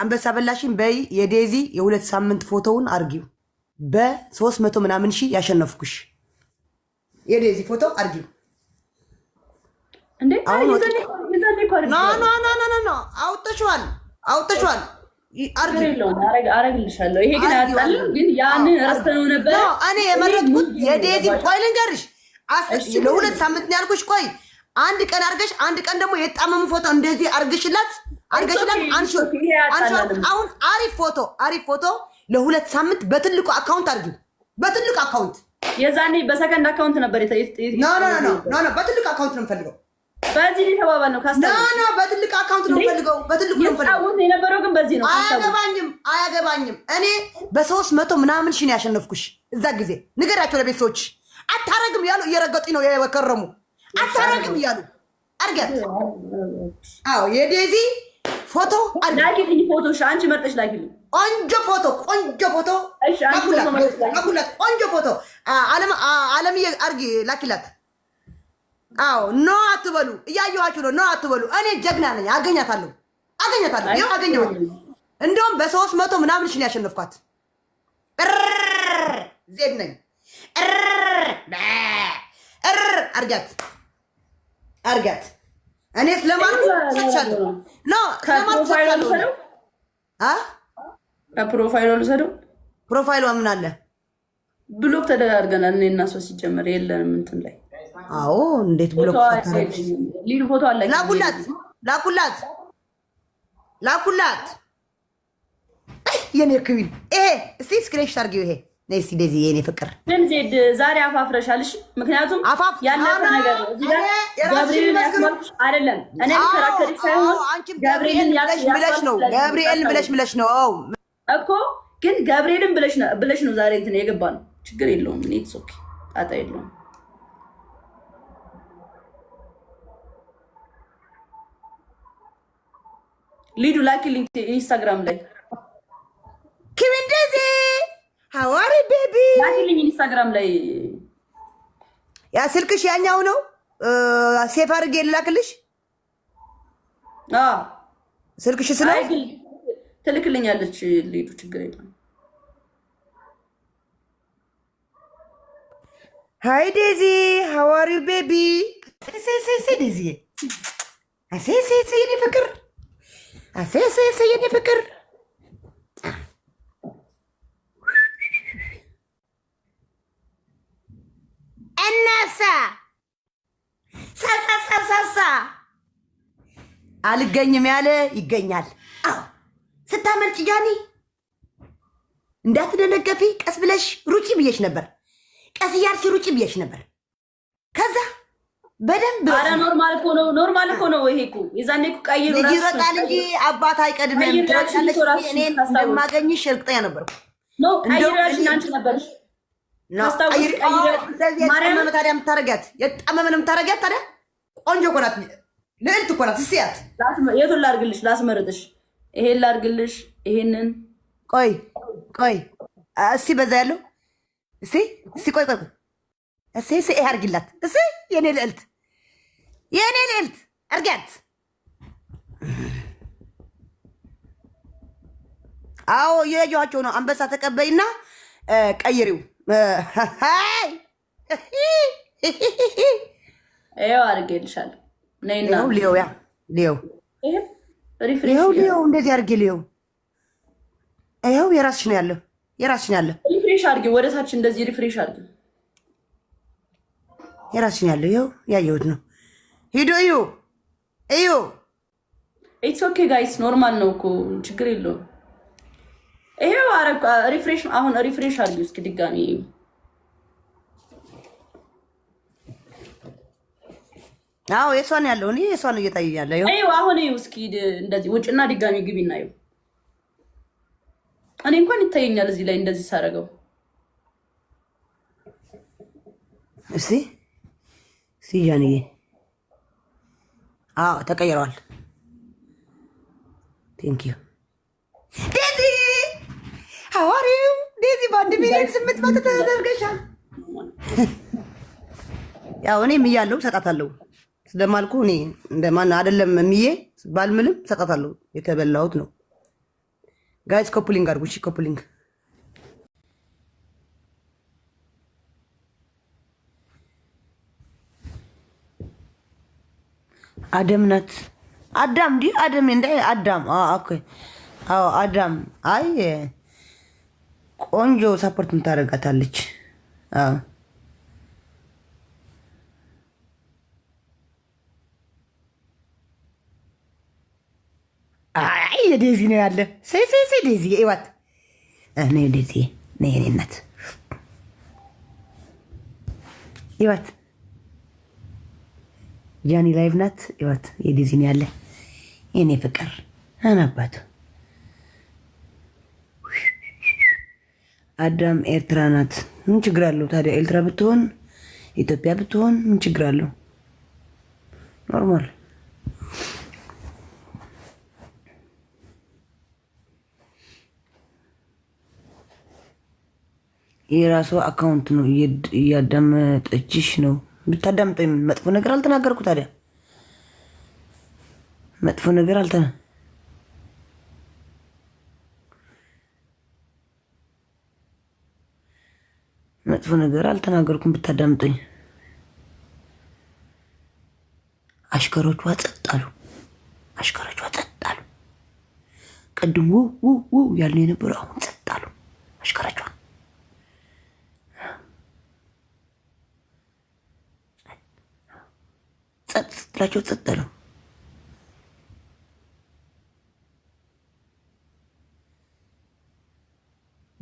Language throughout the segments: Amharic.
አንበሳ በላሽን በይ። የዴዚ የሁለት ሳምንት ፎቶውን አርጊው። በሶስት መቶ ምናምን ሺህ ያሸነፍኩሽ የዴዚ ፎቶ አርጊው። አውጥተሽዋል አውጥተሽዋል አረግልሻለሁ። ይሄ ግን አያጣልም። ግን ያንን ረስተነው ነበር። እኔ የመረጥኩት የዴዚን ቆይ ልንገርሽ፣ ለሁለት ሳምንት ነው ያልኩሽ። ቆይ አንድ ቀን አርገሽ አንድ ቀን ደግሞ የጣመሙ ፎቶ እንደዚህ አርገሽላት አርገሽላት። አሁን አሪፍ ፎቶ አሪፍ ፎቶ ለሁለት ሳምንት በትልቁ አካውንት አርጊ፣ በትልቁ አካውንት የዛኔ በሰከንድ አካውንት ነበር። በትልቅ አካውንት ነው የምፈልገው። በዚህ ተባባል ነው። በትልቅ አካውንት ነው የምፈልገው። በትልቁ ነው የምፈልገው በዚህ ነው። አያገባኝም አያገባኝም። እኔ በሶስት መቶ ምናምን ሺህ ነው ያሸነፍኩሽ። እዛ ጊዜ ንገሪያቸው ለቤተሰቦች። አታረግም ያሉ እየረገጡኝ ነው የከረሙ። አታረግም እያሉ አርገት። አዎ የዴዚ ፎቶ ላኪልኝ። ፎቶ አንቺ መርጠሽ ላኪልኝ። ቆንጆ ፎቶ ቆንጆ ፎቶ ቆንጆ ፎቶ አለምዬ አርጊ ላኪላት። አዎ ኖ አትበሉ፣ እያየኋችሁ ነው። ኖ አትበሉ። እኔ ጀግና ነኝ። አገኛታለሁ አገኛታለሁ። ይኸው አገኘኋት። እንደውም በሶስት መቶ ምናምን ነው ያሸነፍኳት ዜድ ነኝ አርጋት አርጋት እኔ ስለማልኩ ሰቻለሁ ኖ ስለማልኩ ሰቻለሁ አ ፕሮፋይሉ ልውሰደው። ፕሮፋይሉ ምን አለ? ብሎክ ተደራርገናል። እኔ እና እሷ ሲጀመር የለንም እንትን ላይ አዎ። እንዴት ብሎክ ታደርጊ? ሊል ፎቶ አለ። ላኩላት፣ ላኩላት፣ ላኩላት የኔ ክቢል ይሄ እስቲ ስክሬንሽ ታርጊው። ይሄ ነሲ ደዚ የኔ ፍቅር ግን ዜድ ዛሬ አፋፍረሻልሽ። ምክንያቱም አፋፍ ያለፈ ነገር ገብርኤልን ያስመልኩሽ አይደለም እኔ ከራከሪክ ሳይሆን ገብርኤልን ብለሽ ነው ገብርኤልን ብለሽ ብለሽ ነው እኮ ግን ገብርኤልን ብለሽ ነው ብለሽ ነው ዛሬ እንትን የገባ ነው። ችግር የለውም። እኔ ኢትስ ኦኬ ጣጣ የለውም። ሊዱ ላኪ ሊንክ ኢንስታግራም ላይ ኢንስታግራም ላይ ያ ስልክሽ ያኛው ነው። ሴፍ አድርጌ ልላክልሽ ስልክሽ ስለ ትልክልኛለች። ልሂዱ ችግር የለም። ሀይ ዴዚ ሀዋሪው ቤቢ ዴዚ ፍቅር የኔ ፍቅር እነሰ ሰሰሰሰሰ አልገኝም ያለ ይገኛል። አዎ ስታመልጭ ጃኒ እንዳትደነገፊ ቀስ ብለሽ ሩጪ ብዬሽ ነበር። ቀስ እያልሽ ሩጪ ብዬሽ ነበር። ከዛ በደንብ ኧረ ኖርማል እኮ ነው፣ ኖርማል እኮ ነው። ይሄ እኮ የዛኔ እኮ ቀይሩ ልጅ ይበቃል እንጂ አባት አይቀድምም። እኔ እንደማገኝሽ እርግጠኛ ነበርኩ። ኖ ቀይራሽ እናንቺ ነበርሽ ታዲያ የምታረጊያት የጣመመን የምታረጊያት ታዲያ ቆንጆ እኮ ናት፣ ልዕልት እኮ ናት። እስኪያት የቱን ላድርግልሽ? ላስመርጥሽ፣ ይሄን ላድርግልሽ፣ ይሄንን ቆይ ቆይ እስኪ በዛ ያለው እስኪ እስኪ ቆይ ቆይ እስኪ እስኪ ይሄ አድርጊላት እስኪ ልዕልት ልዕልት አድርጊያት። አዎ የያየኋቸው ነው። አንበሳ ተቀበይና ቀይሪው ይኸው አድርጌልሻለሁ። ሊው ያ ሊው ይኸው ሊው እንደዚህ አድርጌ ሊው ይኸው የራስሽ ነው ያለው የራስሽ ነው ያለው። ሪፍሬሽ ወደ ታች እንደዚህ ሪፍሬሽ ያለው። ይኸው ያየሁት ነው። እዩ እዩ። ኢትስ ኦኬ ጋይስ፣ ኖርማል ነው እኮ ችግር የለውም። ይሄ አረብ ሪፍሬሽ አሁን ሪፍሬሽ አድርጊ እስኪ ድጋሚ አዎ የሷን ያለው እኔ የሷን እየታየ ያለ ይኸው አሁን ይኸው እስኪ እንደዚህ ውጭና ድጋሚ ግቢና ይኸው እኔ እንኳን ይታየኛል እዚህ ላይ እንደዚህ ሳደርገው እስቲ እስቲ ጃንዬ አዎ ተቀይረዋል ቴንኪዩ ሐዋርያው ዴዚ በአንድ ሚሊዮን ስምንት መቶ ተደርገሻል። ያው እኔም እያለሁ ሰጣታለሁ ስለማልኩ እኔ እንደማን አይደለም ምዬ ባልምልም ሰጣታለሁ። የተበላሁት ነው ጋይስ። ኮፕሊንግ አድርጉ እሺ። ኮፕሊንግ አደም ናት። አዳም ዲ አደም እንደ አዳም አዎ አዳም አይ ቆንጆ ሳፖርት ምታደርጋታለች። አይ ዴዚ ነው ያለ ሴሴሴ ዴዚ ይባት እኔ ዴዚ ነይ የእኔ እናት ይባት ጃኒ ላይቭ ናት። ይባት የዴዚ ነው ያለ የኔ ፍቅር አናባቱ አዳም ኤርትራ ናት። ምን ችግር አለው ታዲያ? ኤርትራ ብትሆን ኢትዮጵያ ብትሆን ምን ችግር አለው? ኖርማል የራሱ አካውንት ነው። እያዳመጠችሽ ነው። ብታዳምጠ መጥፎ ነገር አልተናገርኩ ታዲያ መጥፎ ነገር አልተና መጥፎ ነገር አልተናገርኩም። ብታዳምጠኝ አሽከሮቿ አጸጣሉ። አሉ። አጸጣሉ። ጸጥ አሉ። ቅድም ው ው ው ያሉ የነበሩ አሁን ጸጣሉ። አሉ። አሽከሮቿ ጸጥ ስትላቸው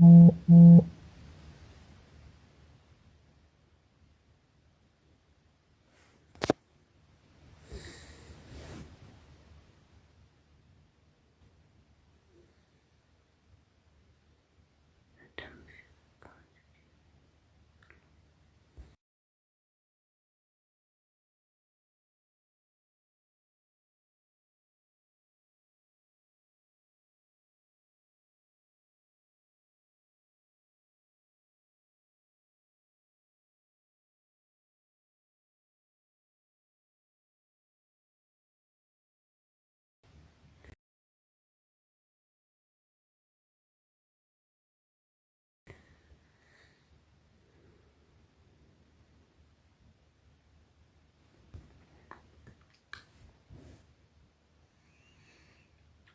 mm Mm-hmm.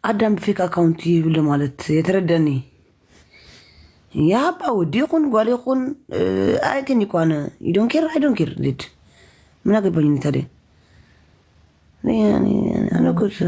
አዳም ፌክ አካውንት ይብል ማለት የተረዳኒ ያባ ወዲ ይኹን ጓል ይኹን ኣይከን ይኳነ ይዶንኬር ኣይዶንኬር ልድ ምን አገባኝ እኔ ታዲያ አነጎስ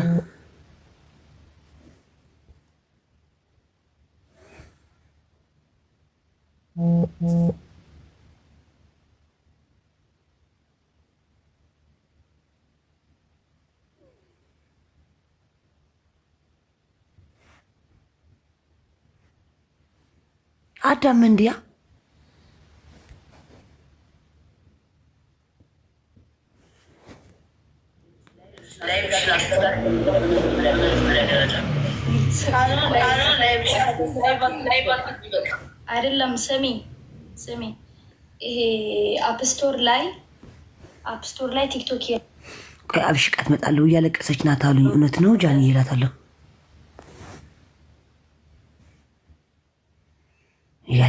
አዳም እንዲያ አይደለም። ስሚ ስሚ፣ ይሄ አፕስቶር ላይ አፕስቶር ላይ ቲክቶክ አብሽቃት መጣለሁ እያለቀሰች ናት አሉኝ። እውነት ነው ጃን ይላታለሁ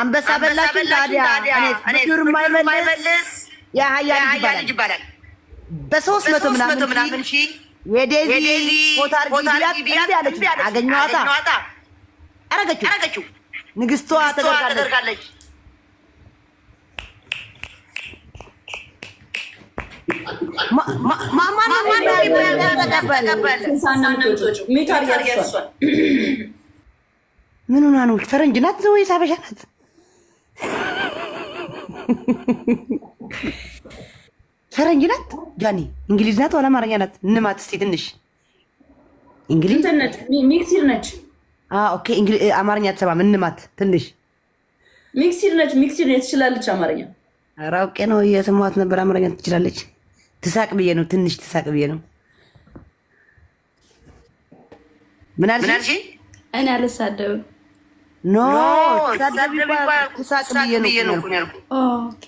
አንበሳ በላችሁ ታዲያ ምድር የማይመልስ የአህያ ልጅ ይባላል። በሶስት መቶ ምናምን ሺ የዴዚ ቦታ አለች። አገኘኋታ አረገችው። ንግስቷ ተደርጋለች። ምን ሆና ነው? ፈረንጅ ናት ወይስ አበሻ ናት? ፈረንጅ ናት ጃኒ፣ እንግሊዝ ናት ወላ አማርኛ ናት? ንማት እስኪ ትንሽ እንግሊዝ ነች። አማርኛ አትሰማም። እንማት ትንሽ ሚክሲር ነች። ሚክሲር ነች ትችላለች አማርኛ። ኧረ አውቄ ነው የስማት ነበር። አማርኛ ትችላለች። ትሳቅ ብዬ ነው ትንሽ ትሳቅ ብዬ ነው። ምን አልሽ? እኔ አልሳደብም ኖ ተሳደብ ይባል ተሳቅ ብዬ ነው ያልኩት። ኦኬ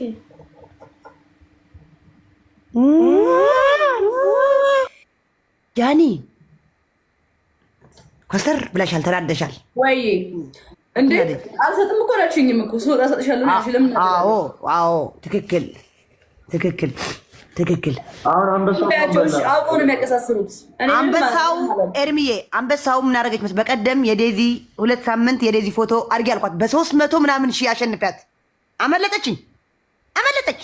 ኮስተር ብላሻል፣ ተናደሻል ወይ እንዴ? አልሰጥም እኮ አላችሁኝም እኮ ሰው እሰጥሻለሁ። አዎ አዎ፣ ትክክል ትክክል ትክክል። አሁን አንበሳውን የሚያቀሳስሩት አንበሳው ኤርሚዬ፣ አንበሳው ምን አደረገች በቀደም የዴዚ ሁለት ሳምንት የዴዚ ፎቶ አድርጌ አልኳት። በሶስት መቶ ምናምን ሺህ አሸንፊያት አመለጠችኝ፣ አመለጠች።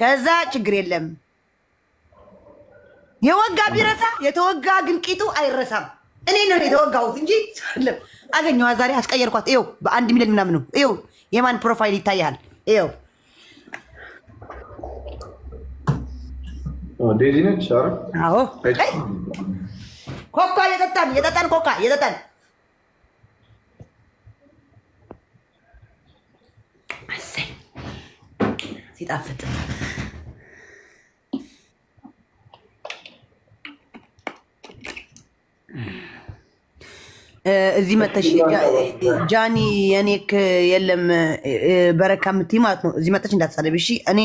ከዛ ችግር የለም የወጋ ቢረሳ የተወጋ ግንቂቱ አይረሳም። እኔ ነው የተወጋሁት እንጂ አገኘዋ ዛሬ፣ አስቀየርኳት። ይኸው በአንድ ሚሊዮን ምናምን ነው። ይኸው የማን ፕሮፋይል ይታያል? ይኸው ዴዚ ነች። አዎ ኮካ እየጠጣን እየጠጣን ኮካ እየጠጣን ሲጣፍጥ እዚህ መተሽ ጃኒ የኔክ የለም በረካ የምትይ ማለት ነው። እዚህ መተሽ እንዳትሳለብ እሺ እኔ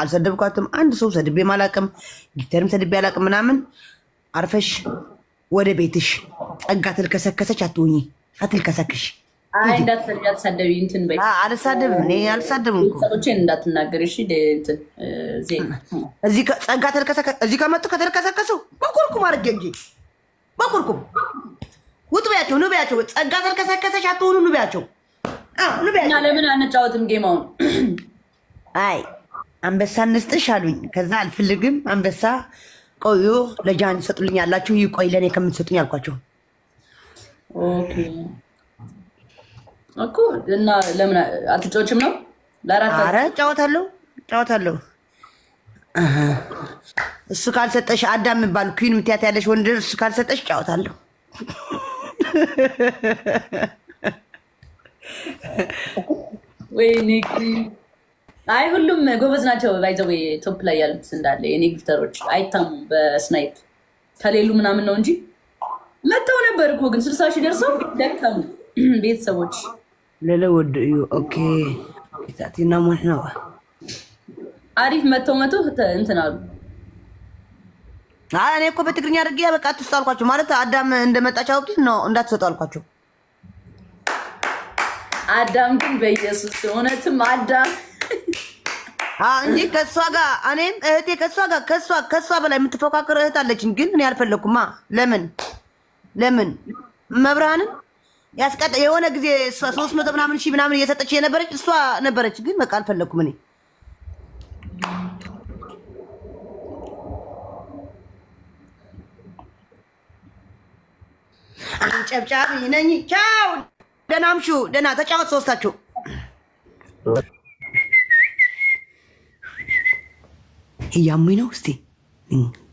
አልሰደብኳትም። አንድ ሰው ሰድቤ አላቅም፣ ጊተርም ሰድቤ አላቅም ምናምን። አርፈሽ ወደ ቤትሽ። ጸጋ ትልከሰከሰች አትሁኚ፣ አትልከሰክሽ። እንዳትሰደቢ እንትን በይ። እዚህ ከመጡ ከተልከሰከሱ በኩርኩም አርጌ እንጂ በኩርኩም ውጥ በያቸው፣ ኑ በያቸው። ጸጋ ተልከሰከሰች አትሆኑ፣ ኑ በያቸው፣ ለምን አንጫወትም ጌማውን? አይ አንበሳ እንስጥሽ አሉኝ። ከዛ አልፈልግም አንበሳ ቆዩ ለጃን ይሰጡልኝ ያላችሁ ይቆይ ለእኔ ከምትሰጡኝ አልኳቸው። እኮ እና ለምን አትጫወችም ነው? ኧረ እጫወታለሁ እጫወታለሁ። እሱ ካልሰጠሽ አዳም የሚባል ኩን ምትያት ያለሽ ወንድ እሱ ካልሰጠሽ እጫወታለሁ። ወይኔ አይ ሁሉም ጎበዝ ናቸው። ይዘው ቶፕ ላይ ያሉት እንዳለ የኔ ግፍተሮች አይታሙ በስናይፕ ከሌሉ ምናምን ነው እንጂ መጥተው ነበር እኮ ግን ስልሳ ሺህ ደርሰው ደከሙ። ቤተሰቦች ወደ እዩ ኦኬ ነው አሪፍ መጥተው መቶ እንትን አሉ። እኔ እኮ በትግርኛ አድርጌ በቃ አትስጡ አልኳቸው። ማለት አዳም እንደመጣች አውጡት ነው እንዳትሰጡ አልኳቸው። አዳም ግን በኢየሱስ እውነትም አዳም እንጂ ከእሷ ጋር እኔም እህቴ ከእሷ ጋር ከእሷ ከእሷ በላይ የምትፎካከር እህት አለችኝ። ግን እኔ አልፈለግኩማ። ለምን ለምን መብርሃንም ያስቀጠ የሆነ ጊዜ ሶስት መቶ ምናምን ሺህ ምናምን እየሰጠች የነበረች እሷ ነበረች። ግን በቃ አልፈለግኩም እኔ ጨብጫቢ ነኝ። ቻው፣ ደህና አምሹ፣ ደህና ተጫወት ሶስታችሁ እያሙኝ ነው። እስቲ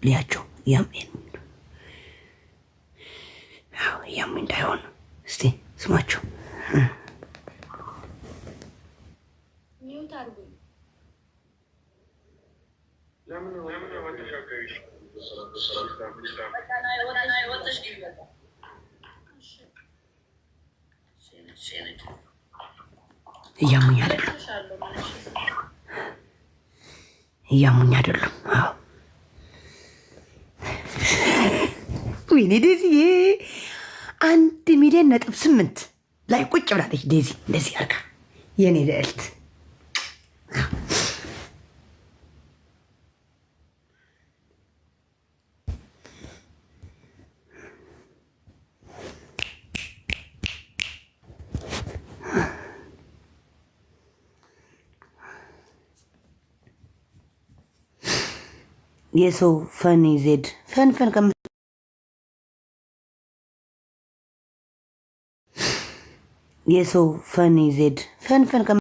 ልያቸው እያሙኝ እያሙኝ እንዳይሆን እስቲ ስማቸው እያሙኝ አይደለም እያሙኝ አይደሉም። አዎ ወይኔ ዴዚ አንድ ሚሊዮን ነጥብ ስምንት ላይ ቁጭ ብላለች ዴዚ እንደዚህ አርጋ የኔ ልዕልት Yes, so fun is it? Fun, fun, come. Yes, so fun is it? Fun, fun, come.